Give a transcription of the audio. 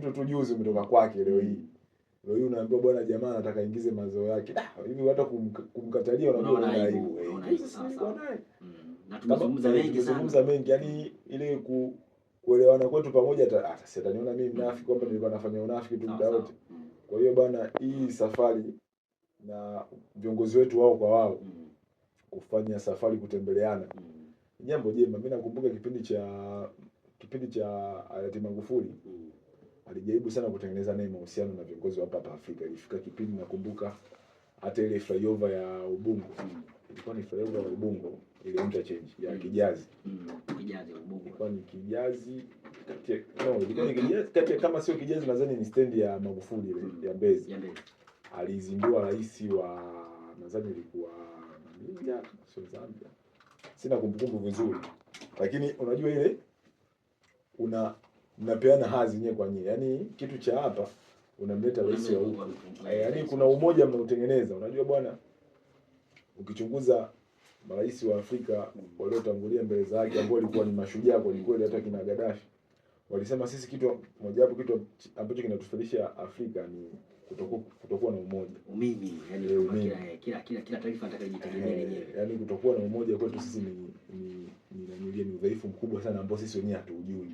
mtu tu juzi umetoka kwake, leo hii leo hii unaambiwa bwana, jamaa anataka ingize mazao yake hivi, hata kumkatalia unajua ni aibu. Mm, na tumezungumza mengi, yani ile ku kuelewana kwetu pamoja, hata sitaniona mimi mnafiki kwamba nilikuwa nafanya unafiki tu muda wote. Mm. Kwa hiyo bwana, hii safari na viongozi wetu wao kwa wao mm. kufanya safari kutembeleana jambo jema. Mimi nakumbuka kipindi cha kipindi cha hayati Magufuli mm alijaribu sana kutengeneza naye mahusiano na viongozi wa hapa Afrika. Ilifika kipindi nakumbuka hata ile flyover ya Ubungo ilikuwa ni flyover ya Ubungo ile interchange ya mm. Kijazi mm. Kijazi Ubungo ilikuwa ni Kijazi kati no, ilikuwa ni Kijazi kati kama sio Kijazi, nadhani ni stendi ya Magufuli ile mm. ya Mbezi alizindua rais wa nadhani ilikuwa Namibia sio Zambia, sina kumbukumbu vizuri, lakini unajua ile una mnapeana hazi nyewe kwa nyewe, yaani kitu cha hapa unamleta rais wa huko, eh, yaani kuna umoja mnaotengeneza. Unajua bwana, ukichunguza marais wa Afrika waliotangulia mbele zake ambao walikuwa ni mashujaa kwa kweli, hata kina Gaddafi walisema sisi, kitu mojawapo kitu ambacho kinatufirisha Afrika ni kutokuwa kutokuwa na umoja umimi, yani e, umimi. Kila kila kila taifa nataka jitegemee eh, lenyewe e, yani kutokuwa na umoja kwetu sisi ni ni ni, ni, ni udhaifu mkubwa sana ambao sisi wenyewe hatujui.